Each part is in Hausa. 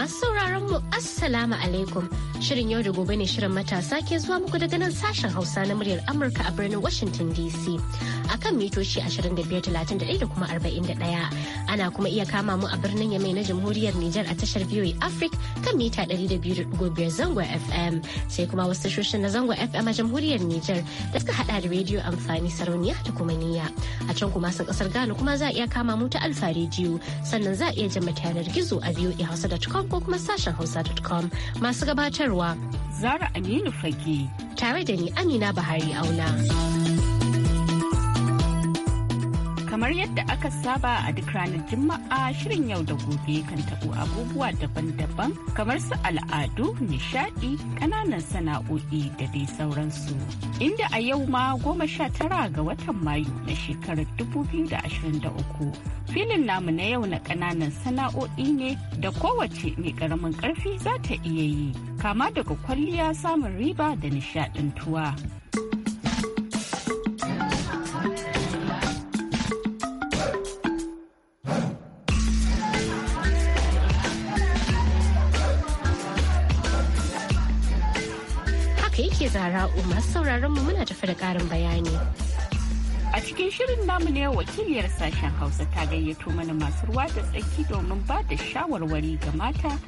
Masu sauraron mu Assalamu alaikum. Shirin yau da gobe ne shirin matasa ke zuwa muku daga nan sashen Hausa na muryar Amurka a birnin Washington DC. A kan mitoci 2531 da kuma 41. Ana kuma iya kama mu a birnin Yamai na Jamhuriyar Nijar a tashar Biyoyi Africa kan mita 200.5 zangon FM sai kuma wasu tashoshin na zangon FM a Jamhuriyar Nijar da suka hada da rediyo amfani sarauniya da kuma niyya. A can kuma sun kasar Ghana kuma za a iya kama mu ta Alfa rediyo sannan za a iya jama yanar gizo a Hausa.com ko kuma sashen hausa.com masu gabatarwa. Zara Aminu Fage. Tare da ni Amina Bahari Auna. Kamar yadda aka saba a duk ranar Juma'a shirin yau da gobe kan taɓo abubuwa daban-daban kamar su al'adu, nishaɗi, ƙananan sana'o'i da dai sauransu. Inda a yau ma goma sha tara ga watan Mayu na shekarar dubu biyu da da ashirin uku filin namu na yau na ƙananan sana'o'i ne da kowace mai ƙaramin ƙarfi za ta iya yi kama daga kwalliya samun riba da nishaɗin tuwa. zara'u masu sauraron mu muna tafi da ƙarin bayani. A cikin shirin namu ne wakiliyar sashen Hausa ta gayyato mana masu ruwa da tsaki domin ba da shawarwari ga mata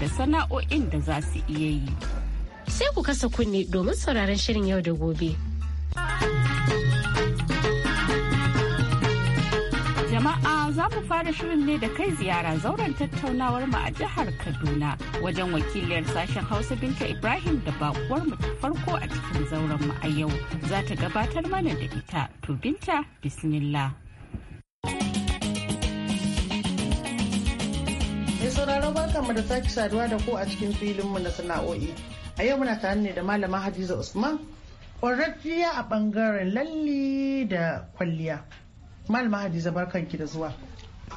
da sana'o'in da za su iya yi. Sai ku kasa kunne domin sauraron shirin yau da gobe. za mu fara shirin ne da kai ziyara zauren tattaunawar mu a jihar Kaduna wajen wakiliyar sashen Hausa Binta Ibrahim da bakuwar mu ta farko a cikin zauren mu a yau za ta gabatar mana da ita. To Binta bismillah. Mai sauraro barkanmu da sake saduwa da ku a cikin filin mu na sana'o'i. A yau muna tare ne da malama Hadiza Usman ƙwararriya a ɓangaren lalli da kwalliya. Malama Hadiza barkanki da zuwa.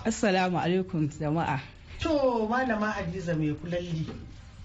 Assalamu alaikum jama'a. To malama Hadiza mai kulalli.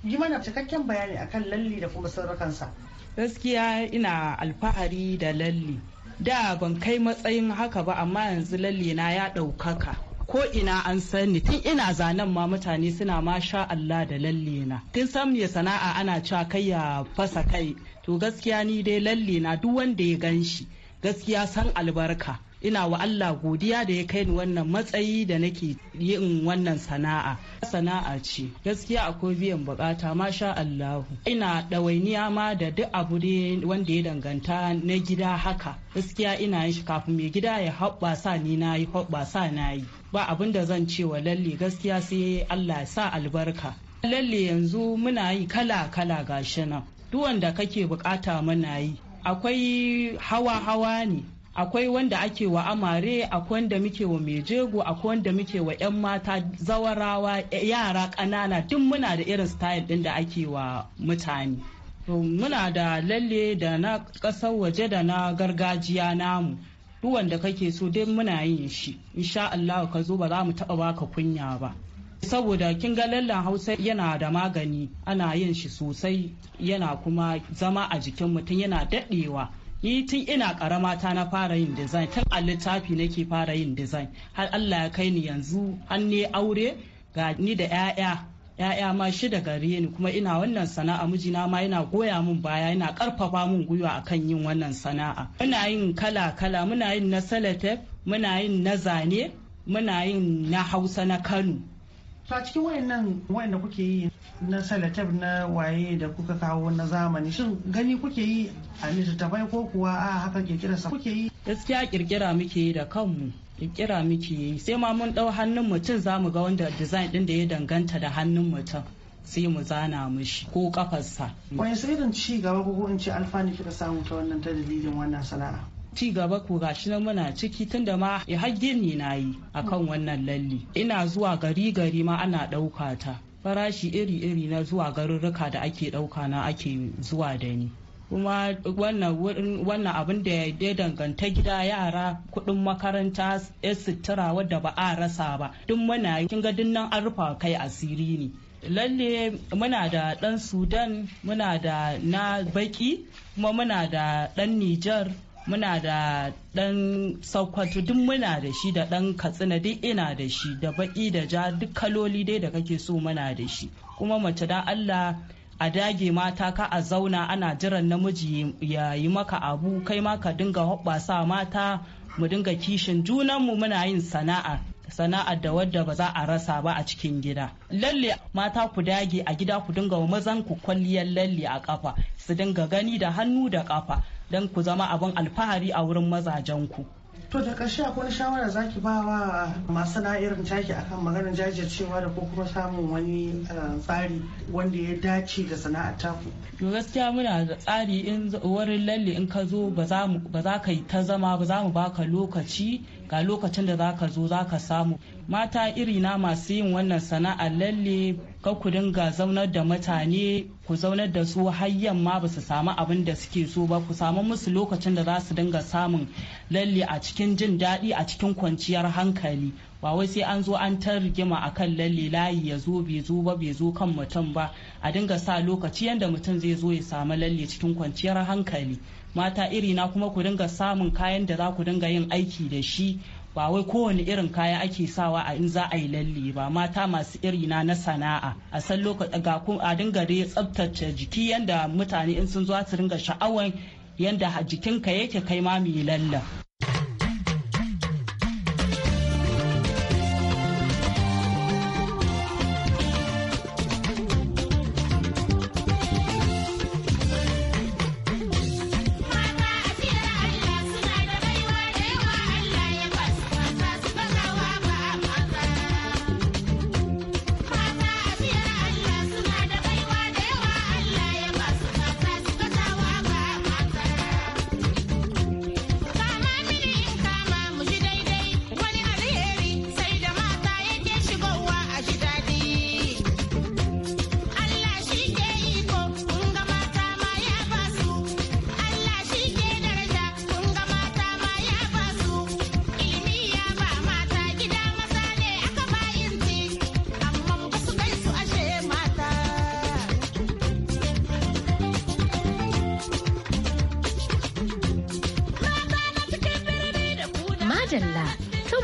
Yi mana cikakken bayani akan lalli da kuma sarrafansa. Gaskiya ina alfahari da lalli. Da ban kai matsayin haka ba amma yanzu lalli na ya ɗaukaka. ko ina an sani tun ina zanen ma mutane suna ma sha Allah da lalle na tun san ya sana'a ana cewa kai ya fasa kai to gaskiya ni dai lalle na duk wanda ya gan shi gaskiya san albarka ina wa Allah godiya da ya kai ni wannan matsayi da nake yin wannan sana'a sana'a ce gaskiya akwai biyan bukata masha Allahu ina ɗawainiya ma da duk abu ne wanda ya danganta na gida haka gaskiya ina yin shi kafin mai gida ya hoɓɓasa ni na yi hoɓɓasa na yi ba abin da zan ce wa lalle gaskiya sai Allah ya sa albarka lalle yanzu muna yi kala kala gashi nan duk wanda kake bukata muna yi akwai hawa hawa ne akwai wanda ake wa amare akwai wanda muke wa mejego akwai wanda muke wa 'yan mata zawarawa eh, yara ƙanana duk muna da irin style ɗin da ake wa mutane muna da lalle da na ƙasar waje da na gargajiya namu duk wanda kake so dai muna yin shi insha Allah ka zo ba za mu taba baka kunya ba saboda kin ga lallan hausa yana da magani ana yin shi sosai yana kuma zama a jikin mutum yana daɗewa ni tun ina karamata na fara yin design tun a littafi nake fara yin design har Allah ya kai ni yanzu an ne aure ga ni da 'ya'ya ya'ya ma da gare ni kuma ina wannan sana'a mijina ma yana goya min baya yana karfafa min gwiwa akan yin wannan sana'a muna yin kala kala muna yin na selotep muna yin na zane muna yin na hausa na kano a cikin wayannan wayanda kuke yi na salatab na waye da kuka kawo na zamani shin gani kuke yi a littattafai ko kuwa a kirkira kirkirarsa kuke yi gaskiya kirkira muke yi da kanmu kirkira muke yi sai ma mun dau hannun mutum zamu ga wanda design din da ya danganta da hannun mutum sai mu zana mishi ko kafarsa wani irin ci gaba ko in ci alfani kika samu ta wannan ta dalilin wannan sana'a ci gaba ku gashi nan muna ciki tunda ma ya ni na yi akan wannan lalle ina zuwa gari gari ma ana ɗauka ta farashi iri-iri na zuwa garurruka da ake ɗauka na ake zuwa da ni kuma wannan abin da ya danganta gida yara kuɗin makaranta ya sutura wadda ba a rasa ba duk muna kin ga nan an rufa kai asiri ne lalle muna da ɗan sudan muna da na baki kuma muna da ɗan nijar muna da dan saukwatu duk muna da shi da dan katsina duk ina da shi da baki da ja duk kaloli dai da kake so muna da shi kuma mace dan allah a dage mata ka a zauna ana jiran namiji ya yi maka abu kai ma ka dinga hoɓɓasa mata mu dinga kishin junanmu muna yin sana'a sana'ar da wadda ba za a rasa ba a cikin gida. Lalle mata ku dage a gida ku dinga mazan ku kwalliyar lalle a kafa su dinga gani da hannu da kafa don ku zama abin alfahari a wurin mazajenku. to da ƙarshe akwai wani shawara za ki ba wa masu na'irin taki akan maganar jajircewa da ko kuma samun wani eh, tsari wanda ya dace da sana'ar taku to gaskiya muna da tsari in wurin lalle in ka zo ba za ka yi ta zama ba za mu baka lokaci ga lokacin da za ka zo za ka samu mata iri na masu yin wannan sana'ar lalle kar ku dinga zaunar da mutane ku zaunar da su har yamma ba su samu abin da suke so ba ku samu musu lokacin da za su dinga samun lalle a cikin jin daɗi a cikin kwanciyar hankali ba wai sai an zo an ta rigima a kan lalle layi ya zo bai zo ba bai zo kan mutum ba a dinga sa lokaci yadda mutum zai zo ya samu lalle cikin kwanciyar hankali mata iri na kuma ku dinga samun kayan da za ku dinga yin aiki da shi ba wai kowane irin kaya ake sawa a in za a yi lalle ba mata masu iri na na sana'a a san lokaci ga a dinga dai tsabtace jiki yanda mutane in sun zo su ringa sha'awan yanda jikinka yake kai ma mu yi lallen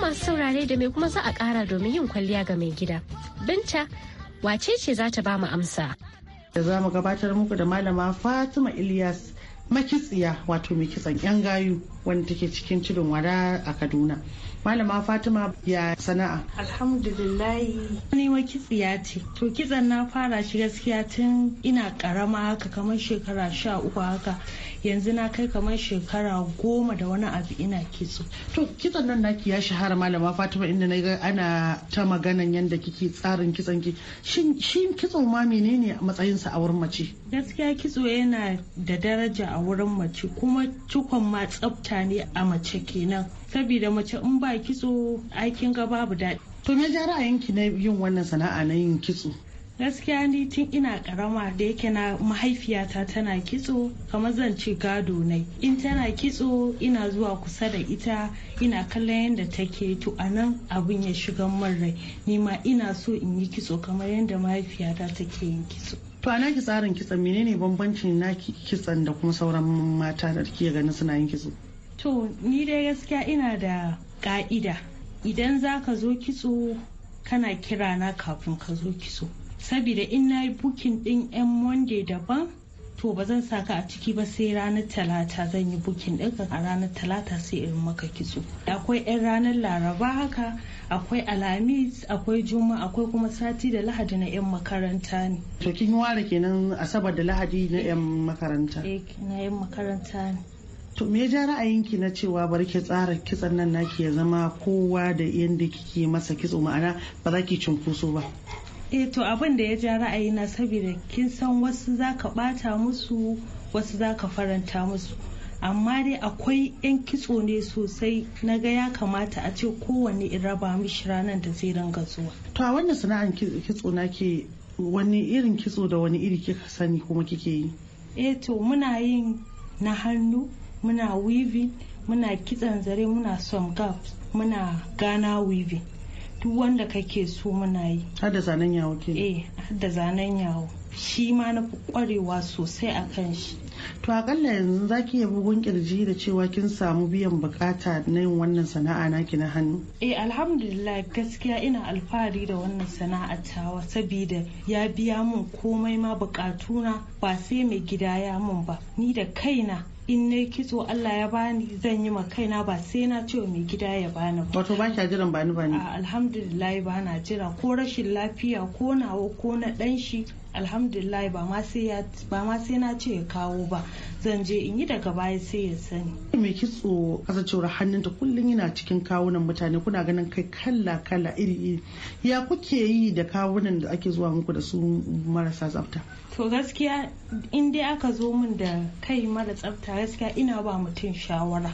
masu saurare da mai kuma za a kara domin yin kwalliya ga mai gida. Binta, wace ce za ta ba mu amsa? Da za mu gabatar muku da malama Fatima Ilyas makitsiya wato mai kitsan 'yan gayu wanda take cikin tudun wada a Kaduna. Malama Fatima ya sana'a. Alhamdulillahi ni makitsiya ce. To kitsan na fara shi gaskiya tun ina karama haka kamar shekara sha uku haka. yanzu na kai kamar shekara goma da wani abu ina kitso to kitson nan naki ya shahara malama fatima inda na ga ana ta magana yadda kike tsarin kitson ki shi kitso ma menene matsayin sa a wurin mace gaskiya kitso yana da daraja a wurin mace kuma cikon ma tsafta ne a mace kenan saboda mace in ba kitso aikin ga babu daɗi to me ja ra'ayinki na yin wannan sana'a na yin kitso gaskiya ni tun ina karama da yake na mahaifiyata tana kitso kamar zan ci gado nai in tana kitso ina zuwa kusa da ita ina kallon yadda take to a nan abin ya shiga min rai nima ina so in yi kitso kamar yadda mahaifiyata take yin kitso to a naki tsarin kitson menene bambancin naki kitson da kuma sauran mata da ke ganin suna yin kitso to ni dai gaskiya ina da ka'ida idan zaka zo kitso kana kirana kafin ka zo kitso saboda in na yi bukin ɗin 'yan monday daban to ba zan saka a ciki ba sai ranar talata zan yi bukin ɗinka a ranar talata sai irin maka kitso akwai 'yan ranar laraba haka akwai alhamis akwai juma akwai kuma sati da lahadi na 'yan makaranta ne to kin yi ware kenan asabar da lahadi na 'yan makaranta eh, na 'yan makaranta ne to me ya ja ra'ayinki na cewa bari ki tsara kitson nan naki ya zama kowa da yanda kike masa kitso ma'ana ba za ki cunkoso ba eh to abin da ya ja ra'ayi na saboda kin san wasu zaka bata musu wasu zaka faranta musu amma dai akwai 'yan kitso ne sosai na ga ya kamata a ce kowanne in raba mishi ranar da zai ringa zuwa. To a wannan sana'ar kitso na ke wani irin kitso da wani iri kika sani kuma kike yi? Eh to muna yin na hannu, muna weaving, muna kitson zare, muna son muna gana weaving. duk wanda kake so muna yi har da zanen yawo ke eh har da zanen yawo shi ma na fi kwarewa sosai a kan shi to akalla yanzu za ki iya bugun kirji da cewa kin samu biyan bukata na yin wannan sana'a naki na hannu eh alhamdulillah gaskiya ina alfahari da wannan sana'a tawa saboda ya biya mun komai ma bukatuna ba sai mai gida ya mun ba ni da kaina in ne kitso Allah ya bani zan yi ma kaina ba sai na ce mai gida ya bani ba wato ban jiran bani bani alhamdulillah ba na jira ko rashin lafiya ko nawa ko na dan shi alhamdulillah ba ma sai na ce ya kawo ba zan je in yi daga baya sai ya sani mai kitso kasancewar hannunta kullum yana cikin kawunan mutane kuna ganin kai kala kala iri iri ya kuke yi da kawunan da ake zuwa muku da su marasa tsafta to gaskiya in dai aka zo min da kai mara tsafta gaskiya ina ba mutum shawara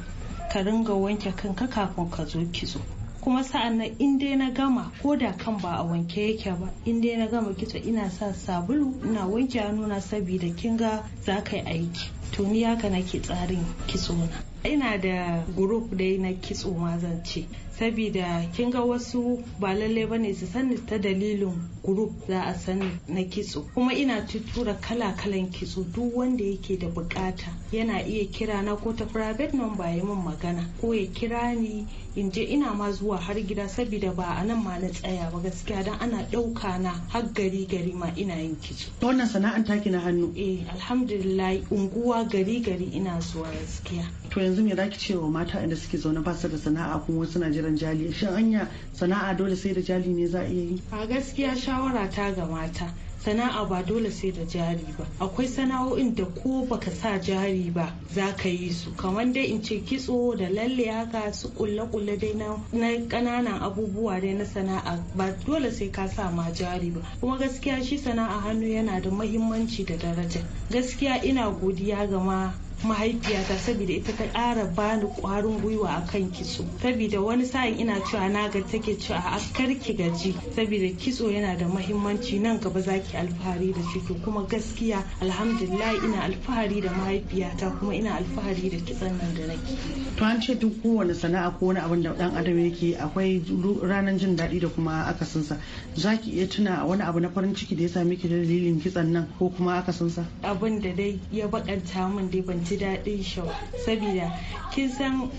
ka ringa wanke kanka kafin ka zo kitso kuma sa'an nan in dai na gama ko da kan ba a wanke yake ba in dai na gama kitso ina sa sabulu ina wanke hannuna saboda kinga za ka yi aiki to ni haka nake tsarin kitso na ina da group dai na kitso ma zan ce sabida kin ga wasu ba lallai bane su sani ta dalilin group za a sani na kitso kuma ina tura kala kalan kitso duk wanda yake da bukata yana iya kira na ko ta private number ya min magana ko ya kira ni in je ina ma zuwa har gida sabida ba a nan ma na tsaya ba gaskiya dan ana ɗauka na har gari gari ma ina yin kitso wannan sana'an taki na hannu eh alhamdulillah unguwa gari gari ina zuwa gaskiya to yanzu me zaki ce wa mata inda suke zaune ba su da sana'a kuma na jiran jali shin anya sana'a dole sai da jali ne za a iya yi a gaskiya shawara ta ga mata sana'a ba dole sai da jari ba akwai sana'o'in da ko baka sa jari ba za ka yi su kamar dai in ce kitso da lalle haka su kulle kulle dai na kananan abubuwa dai na sana'a ba dole sai ka sa ma jari ba kuma gaskiya shi sana'a hannu yana da mahimmanci da daraja gaskiya ina godiya ga ma mahaifiyata saboda ita ta ƙara bani ƙwarin gwiwa a kan kitso saboda wani sa'in ina cewa na ga take cewa a karki ki gaji saboda kitso yana da mahimmanci nan gaba za ki alfahari da shi to kuma gaskiya alhamdulillah ina alfahari da mahaifiyata kuma ina alfahari da kitson nan da nake to an ce duk kowane sana'a ko wani abin da dan adam yake akwai ranar jin daɗi da kuma akasinsa za ki iya tuna wani abu na farin ciki da ya sami ki dalilin kitson nan ko kuma akasinsa abin da dai ya bakanta min dai ban ji daɗin shau saboda kin san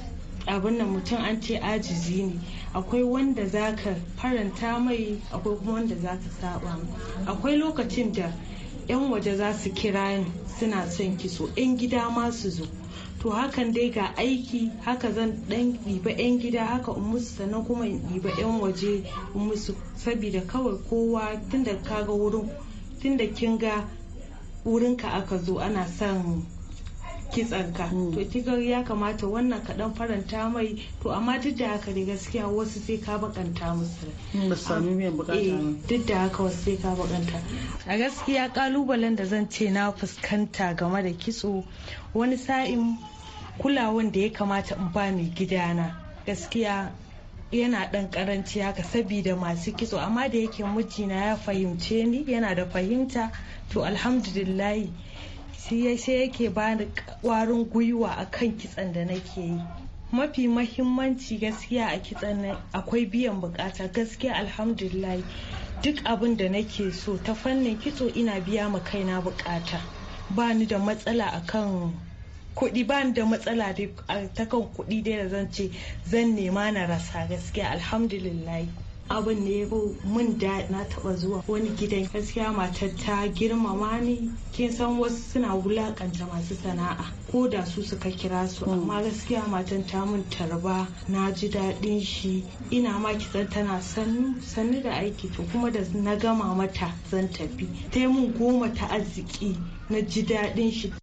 abin nan mutum an ce ajizi ne akwai wanda za ka faranta mai akwai kuma wanda za ka saba akwai lokacin da 'yan waje za su kira ni suna son kitso 'yan gida ma su zo to hakan dai ga aiki haka zan dan ɗiba 'yan gida haka in musu sannan kuma in ɗiba 'yan waje in musu saboda kawai kowa tunda kaga wurin tunda kin ga wurinka aka zo ana son kitsanka hmm. to kiga ya kamata wannan kaɗan faranta mai to amma duk da haka ne gaskiya wasu sai ka bakanta musu hmm, ba sami mai ah, bukata eh, duk da haka wasu sai ka bakanta a gaskiya kalubalen da zan ce na fuskanta game da kitso wani sa'in kulawan da ya kamata in ba mai gidana gaskiya yana dan karanci haka sabida masu kitso amma da yake mijina ya fahimce ni yana da fahimta to alhamdulillahi sai yake bani kwarin gwiwa akan kitsan da nake yi mafi mahimmanci gaskiya a kitsan nan akwai biyan bukata gaskiya alhamdulillah duk abin da nake so ta fannin kitso ina biya ma kaina bukata ba ni da matsala akan kuɗi ba ni da matsala ta kan kuɗi dai da zan ce zan nema na rasa gaskiya alhamdulillah abin ne ya mun da na taba zuwa wani gidan gaskiya matar ta girmama ni kin san wasu suna wulakanta masu sana'a ko da su suka kira su hmm. amma gaskiya matan ta mun tarba na ji daɗin shi ina ma san tana sannu sannu da aiki to kuma da na gama mata zan tafi ta mun goma ta arziki na ji daɗin shi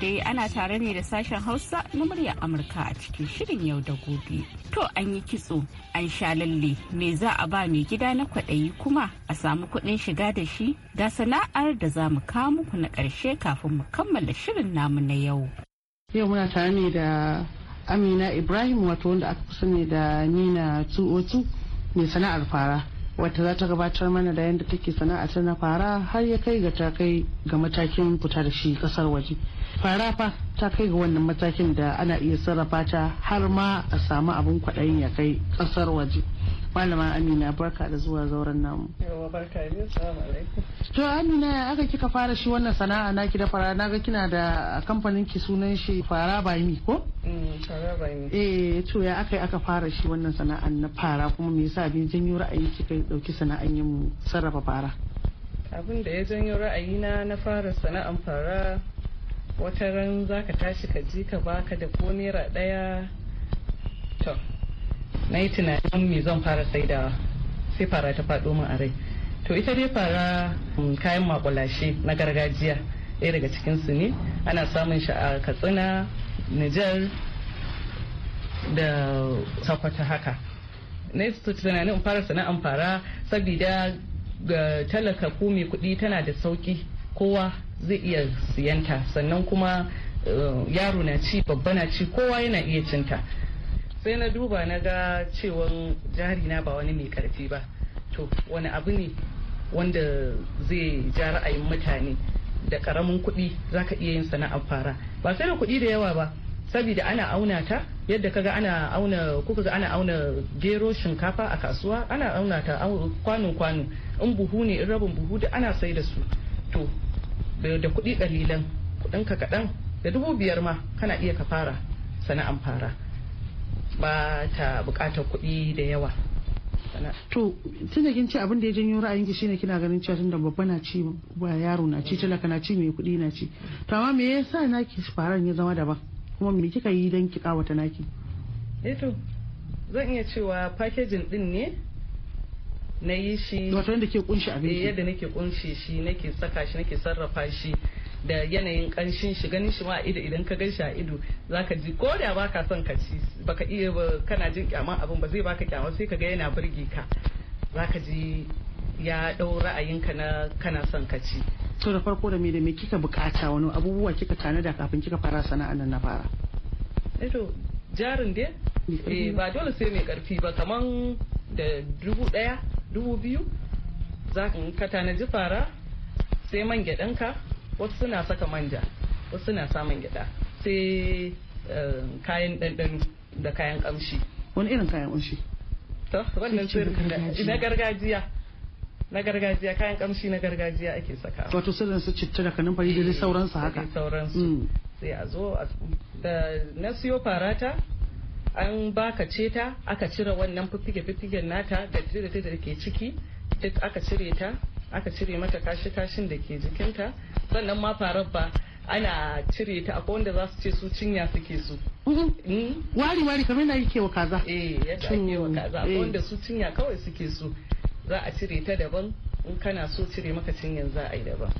dai ana tare ne da sashen Hausa na muryar Amurka a cikin shirin yau da gobe. To an yi kitso, an sha lalle, me za a ba mai gida na kwaɗayi kuma a samu kuɗin shiga da shi ga sana'ar da za mu kawo muku na ƙarshe kafin mu kammala shirin namu na yau. Yau muna tare ne da Amina Ibrahim wato wanda aka fi sani da Nina 202 mai sana'ar fara. wata za ta gabatar mana da yadda take sana'a ta na fara har ya kai ga ta kai ga matakin fita da shi kasar waje fara fa ta kai ga wannan matakin da ana iya sarrafa ta har ma a samu abin kwaɗayin ya kai kasar waje malama amina barka da zuwa zauren namu barka to amina ya aka kika fara shi wannan sana'a na ki da fara na ga kina da kamfanin ki sunan shi fara by ko mm, eh to ya aka aka fara shi wannan sana'an na fara kuma me yasa bin janyo ra'ayi kika dauki sana'an yin sarrafa fara abin da ya janyo ra'ayina na fara sana'an fara wata ran zaka tashi ka ji ka baka da ko naira ɗaya to na yi tunanin me zan fara saidawa sai fara ta faɗo min a rai to ita dai fara mm, kayan makulashe na gargajiya ɗaya daga cikinsu ne ana samun shi a katsina nijar da sakwata haka na yi tunanin fara sana'an fara saboda ga talaka ko mai kuɗi tana da sauki kowa zai iya siyanta sannan kuma eh, yaro na ci babba na ci kowa yana iya cinta sai na duba na ga cewan jari na ba wani mai karfi ba to wani abu ne wanda zai ja ra'ayin mutane da karamin kuɗi za ka iya yin sana'ar fara ba sai da kuɗi da yawa ba saboda ana auna ta yadda kaga ana auna kuka ga ana auna gero shinkafa a kasuwa ana auna ta kwano kwano in buhu ne in rabin buhu da ana sai da su to da kuɗi kalilan kuɗin ka kaɗan da dubu biyar ma kana iya ka fara sana'an fara ba ta bukatar kuɗi da yawa to tunda kin ce abin da ya janyo ra'ayinki shine kina ganin cewa tunda babba na ci ba yaro na ci talaka na ci mai kuɗi na ci to amma me yasa naki faran ya zama daban kuma me kika yi dan ki kawata naki eh to zan iya cewa packaging din ne na yi shi wato yadda ke kunshi abinci eh, yadda nake kunshi shi nake saka shi nake sarrafa shi da yanayin kanshin shi ganin shi ma ido idan ka gan shi a ido zaka ji ko da baka son ka ci baka iya kana jin kyaman abin ba zai baka kyama sai ka ga yana burge ka zaka ji ya ɗau ka na kana son ka ci to da farko da me da me kika bukata wani abubuwa kika tanada kafin kika fara sana'an nan na fara eh to jarin dai eh ba dole sai mai karfi ba kaman da dubu daya dubu biyu za ka tanaji fara sai man gyaɗanka wasu suna saka manja wasu suna samun gyada sai eh, kayan ɗanɗano da kayan ƙamshi wani irin kayan ƙamshi to wannan na gargajiya na gargajiya kayan kamshi na gargajiya ake saka wato sai su citta da fari eh, da dai sauransu haka mm. sauransu sai a zo da na siyo farata an baka ceta aka cire wannan fiffige fiffigen nata da da ke ciki duk aka cire ta aka cire mata kashi kashin da ke jikinta sannan ma farar ba ana cire ta akwai wanda za su ce su cinya suke su. Hmm? wari wari kamar na yake wa kaza eh yadda ake wa hmm. kaza akwai wanda eh. su cinya kawai suke su za a cire ta daban in kana so cire maka cinyan za a yi daban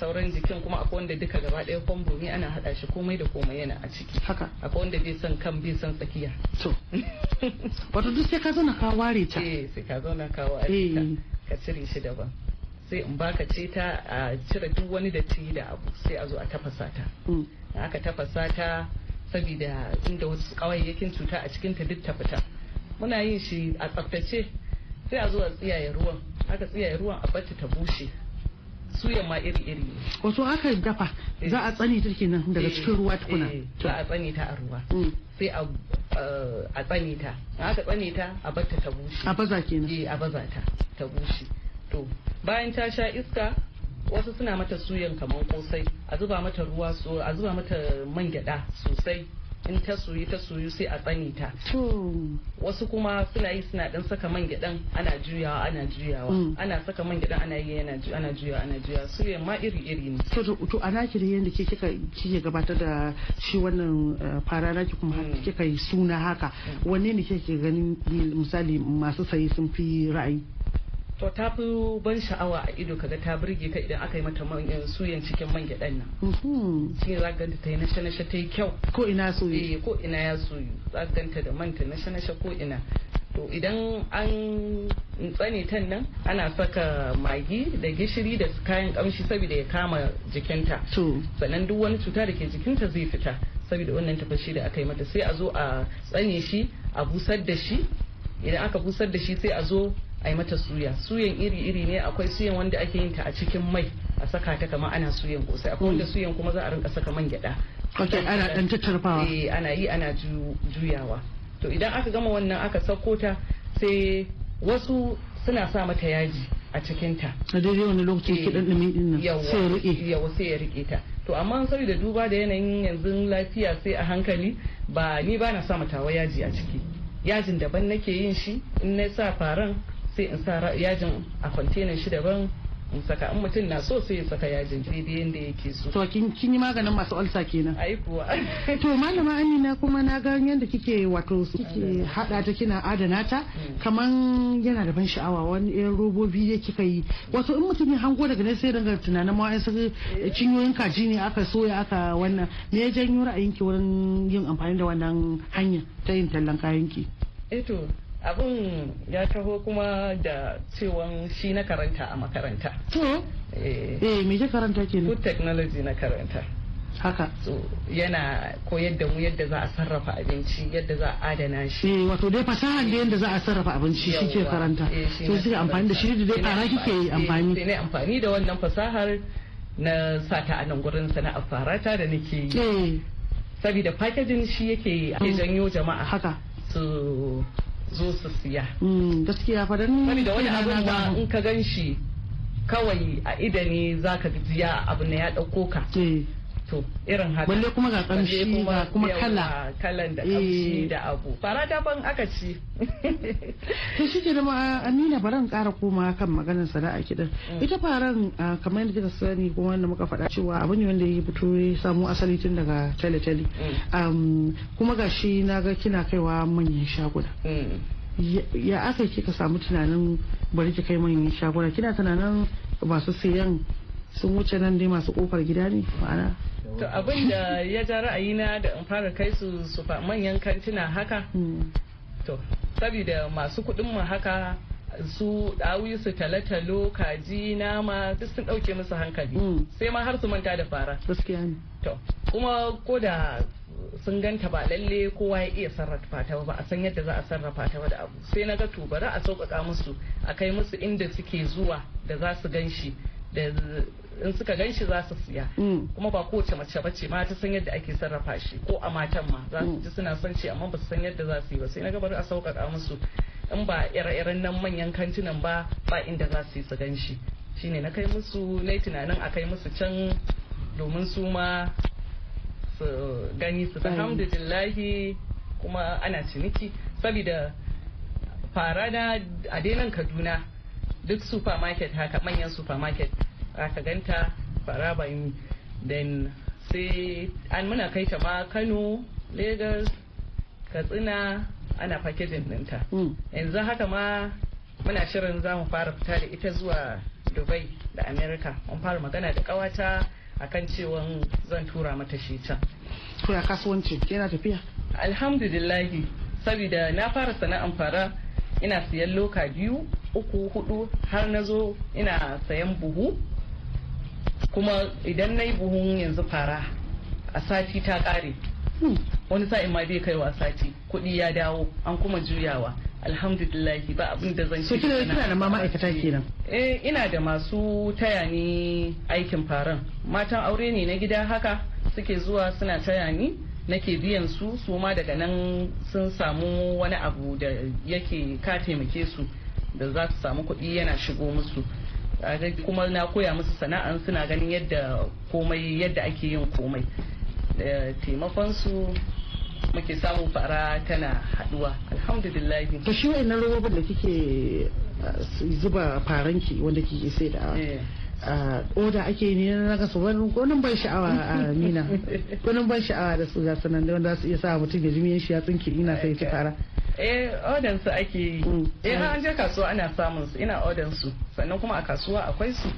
sauran jikin kuma akwai wanda duka gaba daya kwambo ne ana hada shi komai da komai yana a ciki haka akwai wanda bai son kan bai son tsakiya to wato duk sai ka zauna ka ware ta eh sai ka zauna ka ware ta eh. ka cire shi daban sai in baka ce ta a cire duk wani da ci da abu sai a zo a tafasa ta mm. da aka tafasa ta saboda inda wasu kawayyakin cuta a cikin ta duk ta fita muna yin shi a tsaftace sai a zo a tsiyaye ruwan aka tsiyaye ruwan a bata ta bushe suya ma iri-iri wato aka dafa za a tsane ta kenan daga eh, cikin ruwa tukuna eh, za a tsane ta a ruwa mm. sai a eh, tsani ta haka tsani ta a batta ta bushe a baza kenan nan. a baza ta ta bushe to bayan ta sha iska wasu suna mata suyan kamar kosai a zuba mata ruwa a zuba mata man gyada sosai in ta soyu ta soyu sai a tsani ta wasu kuma suna yi suna dan saka man gyaɗan ana juyawa ana juyawa mm. ana saka man gyaɗan ana yi ana juyawa ana juyawa suyan ma iri iri ne to a naki da yanda ke kika kike gabatar da shi wannan eh, fara naki kuma mm. kika yi suna haka mm. wanne ne kike ganin misali masu sayi sun fi ra'ayi to ta fi ban sha'awa a ido kaga ta burge ka idan aka yi mata manyan suyan cikin man gyaɗan nan mm-hmm. shi za ganta ta yi nashe nashe ta yi kyau ko ina soyu eh ko ina ya soyu za da manta nashe nashe ko ina to idan an tsane tan nan ana saka magi da gishiri da kayan kamshi saboda ya kama jikinta sannan duk wani cuta da ke jikinta zai fita saboda wannan tafashi da aka yi mata sai a zo a tsane shi a busar da shi idan aka busar da shi sai a zo a yi mata suya suyan iri-iri ne akwai suyan wanda ake yin ta a cikin mai a saka ta kama ana suyan kosai akwai wanda suyan kuma za a rinka saka man gyada ok ana dan tattarfawa eh ana yi ana juyawa to idan aka gama wannan aka sauko ta sai wasu suna sa mata yaji a cikin ta a daidai wani lokaci eh, ke dan dumin din nan sai ya rike yawa sai ya rike ta to amma saboda duba da yanayin yanzu lafiya sai a hankali ba ni ba na sa mata yaji a ciki yajin daban nake yin shi in na sa faran sai in sa yajin a kwantenan shi daban in saka in mutum na so sai in saka yajin daidai yadda yake so. To kin yi maganin masu ulsa kenan. Ai kuwa. to malama Amina kuma na ga yadda kike wato kike hada ta kina adana ta mm. kaman yana da ban sha'awa wani yan robobi ya kika yi wato in mutum ya hango daga nan sai daga tunanin ma wasu cinyoyin kaji ne aka soya aka wannan me ya janyo ra'ayinki wurin yin amfani da wannan hanya ta yin tallan kayan ki Eto, eh abin ya taho kuma da cewan shi na karanta a makaranta to eh, eh me ke karanta ke food technology na karanta haka so yana koyar da mu yadda za a sarrafa abinci yadda za a adana shi eh, wato dai fasahan da yadda za a sarrafa abinci shi ke karanta to eh, shi amfani da shi da dai kike yi amfani ne amfani da wannan fasahar na sata a nan gurin sana'ar farata da nake yi saboda packaging shi yake mm. janyo jama'a haka so zo su siya hmm, gaskiya fa dan da wani abin in ka gan shi kawai a ne zaka ji ya abu ne ya dauko ka eh. to irin haka balle kuma ga kamshi ga kuma kala kalan da kamshi eh. da abu fara daban aka ci to ke da Amina baran kara koma kan maganar sana'a kidan mm. ita faran kamar yadda kika sani kuma wanda muka faɗa cewa abu ne wanda ya fito ya samu asali tun daga tele-tele mm. kuma shi na ga kina kaiwa manyan shaguna mm. ya aka kika samu tunanin bari ki kai manyan shaguna kina tunanin masu sayan sun wuce nan dai masu kofar gida ne ma'ana to abin da ya ja ra'ayi na da in fara kai su su manyan kantina haka hmm. to saboda masu kuɗin mu haka su dawi su talatalo kaji nama duk sun ɗauke musu hankali hmm. sai ma har su manta da fara gaskiya ne to kuma ko da sun ganta ba lalle kowa ya iya sarrafa ta ba a san yadda za a sarrafa ta da abu sai na ga to bari a sauƙaƙa musu a kai musu inda suke zuwa da za su gan shi da in suka gan shi za su siya mm. kuma ba kowace mace bace ma ta san yadda ake sarrafa shi ko a matan ma za su mm. ji suna son shi amma ba su san yadda za su yi ba sai na gabar a sauƙaƙa musu in ba ire-iren nan manyan kantinan ba ba inda za su yi su gan shi shine na kai musu na tunanin a kai musu can domin su ma su gani su alhamdulillahi kuma ana ciniki saboda fara na a daina kaduna duk supermarket haka manyan supermarket aka ganta faraba in then sai an muna kai ta ma kano lagos katsina ana packaging ɗinta hmm. yanzu haka ma muna shirin za mu fara fita da ita zuwa dubai da america mun fara magana da kawata akan cewa zan tura mata shi can ya kasuwanci yana tafiya alhamdulillahi saboda na fara sana'an fara ina siyan loka biyu uku hudu har na zo ina sayan buhu kuma idan na yi buhun yanzu fara a sati ta kare hmm. wani sa'in ma bai kaiwa sati kuɗi ya dawo an kuma juyawa alhamdulillah ba abin da zan so kina da ma ma'aikata kenan eh ina da masu taya ni aikin faran matan aure ne na gida haka suke zuwa suna taya ni nake biyan su su ma daga nan sun samu wani abu da yake ka taimake su da za su samu kuɗi yana shigo musu kuma na koya musu sana'an suna ganin yadda komai yadda ake yin komai taimakon su muke samun fara tana haduwa alhamdulillah to shi na robobin da kike eh, zuba faranki wanda kike sai da eh. eh, oda ake ne na raka su wani gonin ban sha'awa a nina gonin ban sha'awa da su ga sanan da wanda su iya sa mutum ya ji shi ya tsinki ina sai ci fara eh odan su ake yi mm. eh an je kasuwa ana samun su ina odan su sannan kuma a kasuwa akwai su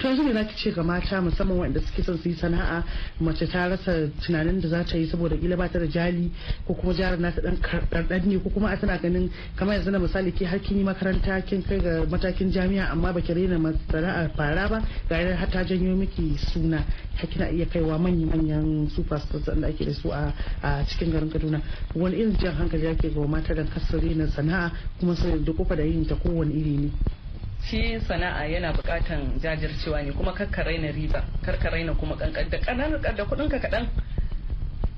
to yanzu ne zaki ce ga mata musamman waɗanda suke son su yi sana'a mace ta rasa tunanin da za ta yi saboda kila ba ta da jali ko kuma jarin nata dan kardan ne ko kuma a tana ganin kamar yanzu na misali ke har kin yi makaranta kin kai ga matakin jami'a amma ba ki rena sana'ar fara ba ga 'yanzu har ta janyo miki suna har kina iya kaiwa manyan manyan superstars da ake da su a cikin garin Kaduna wani irin jan hankali yake ga mata dan kasar raina sana'a kuma sai da kofa da yin ta kowane iri ne shi sana'a yana bukatan jajircewa ne kuma karka raina riba karka raina kuma kankan da da kudin ka kadan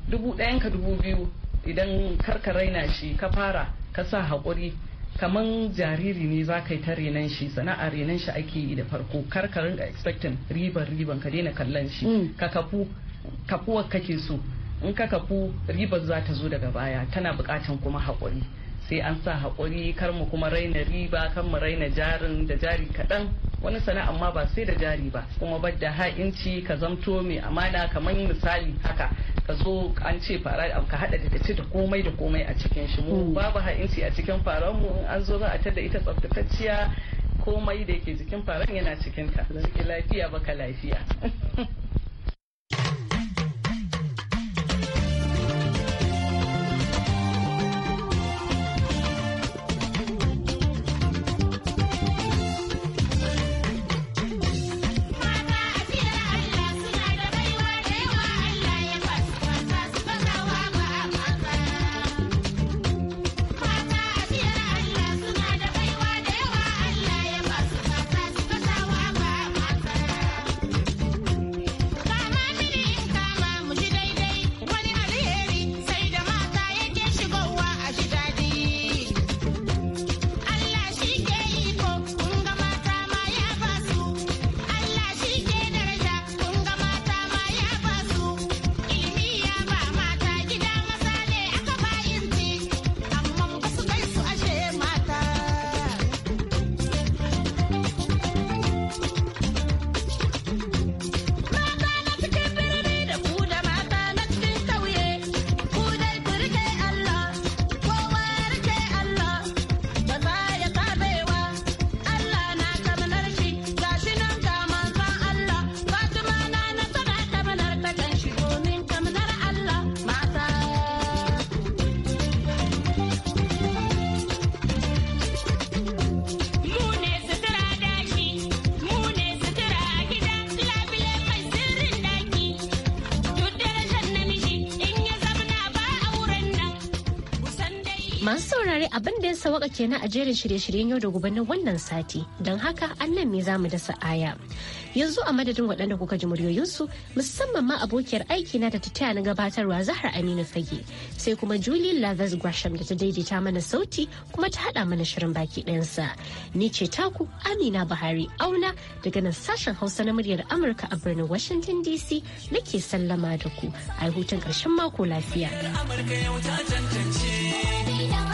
dubu ɗayan ka dubu biyu idan karka raina shi ka fara ka sa haƙuri kaman jariri ne za ka yi ta renan shi sana'a renan shi ake yi da farko karkarin ka rinka expecting riban ka daina kallon shi mm. ka kafu kafuwar kake so in ka kafu ribar za ta zo daga baya tana bukatan kuma haƙuri sai an sa haƙuri kar mu kuma raina riba kar mu raina jarin da jari kaɗan wani sana'a ma ba sai da jari ba kuma bar da ha'inci ka zamto mai amana kamar misali haka ka zo an ce fara ka haɗa da ce da komai da komai a cikin shi mu mm. babu ha'inci a cikin faran mu an zo za a tada ita tsaftatacciya komai da ke jikin faran yana cikin ka lafiya baka lafiya sawaka kenan a jerin shirye-shiryen yau da gobe na wannan sati don haka an nan me za mu dasa aya yanzu a madadin waɗanda kuka ji muryoyinsu musamman ma abokiyar aiki na da ta taya na gabatarwa zahar aminu fage sai kuma julie lathers gresham da ta daidaita mana sauti kuma ta haɗa mana shirin baki ɗayansa ni ce taku amina buhari auna daga nan sashen hausa na muryar amurka a birnin washington dc nake sallama da ku a hutun ƙarshen mako lafiya. Amurka yau ta cancanci.